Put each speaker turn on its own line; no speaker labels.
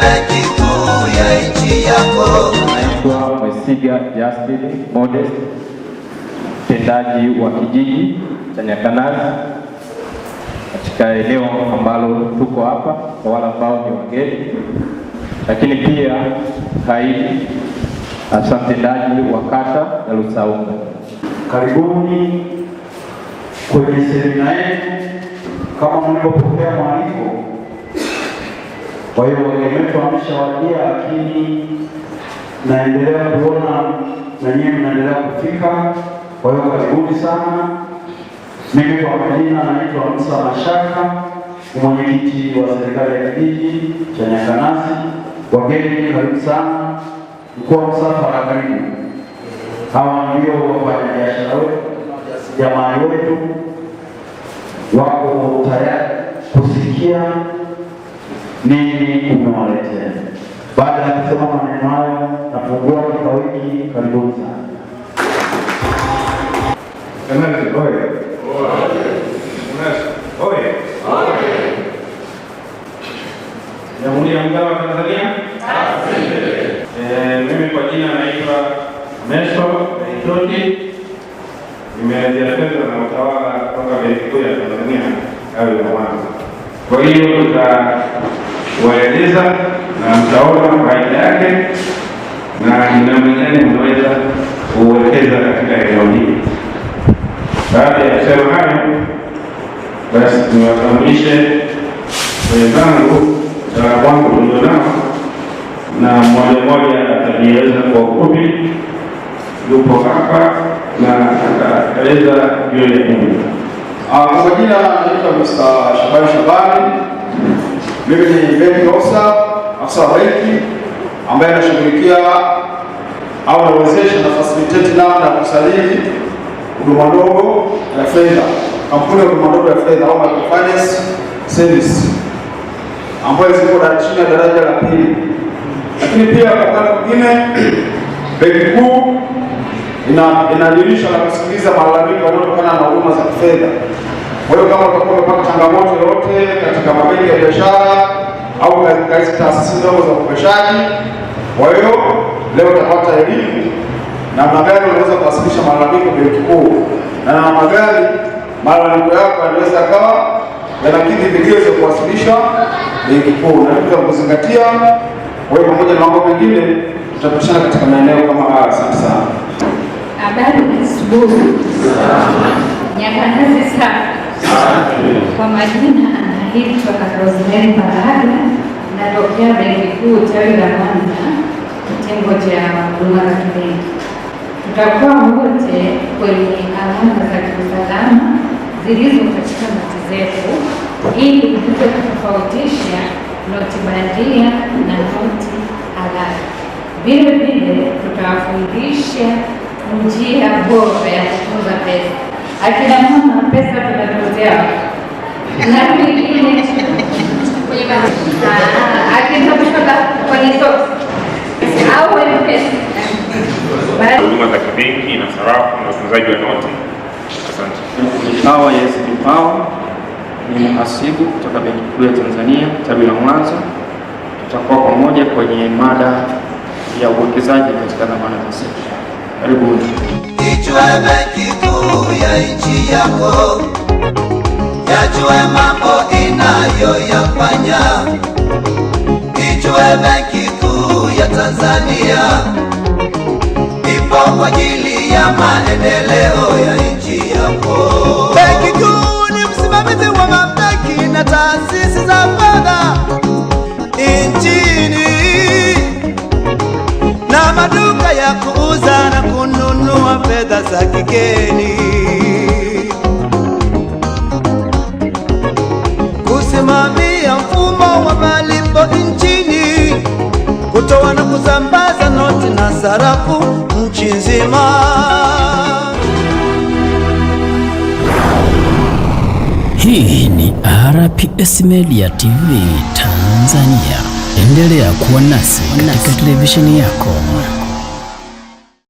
benki kuu ya nchi yako. Naitwa Mwesiga Modest, mtendaji wa kijiji cha Nyakanazi katika eneo ambalo tuko hapa, kwa wale ambao ni wageni, lakini pia kaimu afisa mtendaji wa kata ya Lusaunga. Karibuni kwenye semina yetu. Kama mlivyopokea mwaliko kwa hiyo wengemetu ameshawadia, lakini naendelea kuona na nyinyi mnaendelea kufika. Kwa hiyo karibuni sana. Mimi kwa majina naitwa Musa Mashaka, mwenyekiti wa serikali ya kijiji cha Nyakanasi. Wageni karibu sana, mkuu wa msafara karibu. Hawa ndio wafanyabiashara wetu, jamaa wetu, wako tayari kusikia nini umewaletea. Baada ya kusema maneno hayo, nafungua kikao hiki. Karibuni sana. Jamhuri ya Muungano wa Tanzania. Eh, mimi kwa jina naitwa Mesho Naitoti, nimejielekeza na utawala kutoka Benki Kuu ya Tanzania tawi la Mwanza. Kwa hiyo tuta kuwaeleza na mtaona faida yake na ni namna mnaweza kuwekeza katika eneo hili. Baada ya kusema hayo, basi niwatambulishe wenzangu taa wangu ulio nao, na mmoja mmoja atajieleza kwa ufupi, yupo hapa na ataeleza juu ya hili. Ah, kwa jina naitwa Musa Shabani Shabani mimi ni Ben Kosa, afisa wa benki ambaye anashughulikia au anawezesha na facilitate namna ya kusajili huduma ndogo ya fedha, kampuni ya huduma ndogo ya fedha au microfinance service ambayo ziko chini ya daraja la pili. Lakini pia kwa upande mwingine, benki kuu inadirisha na kusikiliza malalamiko yanayotokana na huduma za kifedha. Wewe kama utakuwa umepata changamoto yoyote katika mabenki ya biashara au katika taasisi ndogo za ukopeshaji, kwa hiyo leo utapata elimu namna gani unaweza kuwasilisha malalamiko benki kuu na namna gani malalamiko yako yanaweza yakawa yanakidhi vigezo kuwasilisha benki kuu, na vitu kuzingatia. Kwa hiyo pamoja na mambo mengine tutapishana katika maeneo kama haya. Asante sana.
Habari nzuri. Nyakanazi safi. Kwa majina anaitwa Rosemary na natokea Benki Kuu tawi la Mwanza, kitengo cha huduma za kibenki. Tutakuwa wote kwenye alama za kiusalama zilizo katika noti zetu, ili tuweze kutofautisha noti bandia na noti halali. Vile vile tutawafundisha njia bora ya kutunza pesa akina mama pesa tunapotea
huduma za kibenki na sarafu na utunzaji wa noti. Asante. Hawa Yesu ni mhasibu kutoka Benki Kuu ya Tanzania tawi la Mwanza. Tutakuwa pamoja kwenye mada ya uwekezaji katika dhamana za sekta. Karibuni beki kuu ya nchi yako, yajue mambo inayoyafanya, beki kuu ya Tanzania, ipo kwa ajili ya maendeleo ya nchi yako.
Benki Kuu ni msimamizi wa mabenki na taasisi za fedha nchini na maduka ya kuuza wa fedha za kigeni, kusimamia mfumo wa malipo nchini, kutoa na kusambaza noti na sarafu nchi nzima.
Hii ni RPS Media TV Tanzania. Endelea kuwa nasi katika televisheni yako.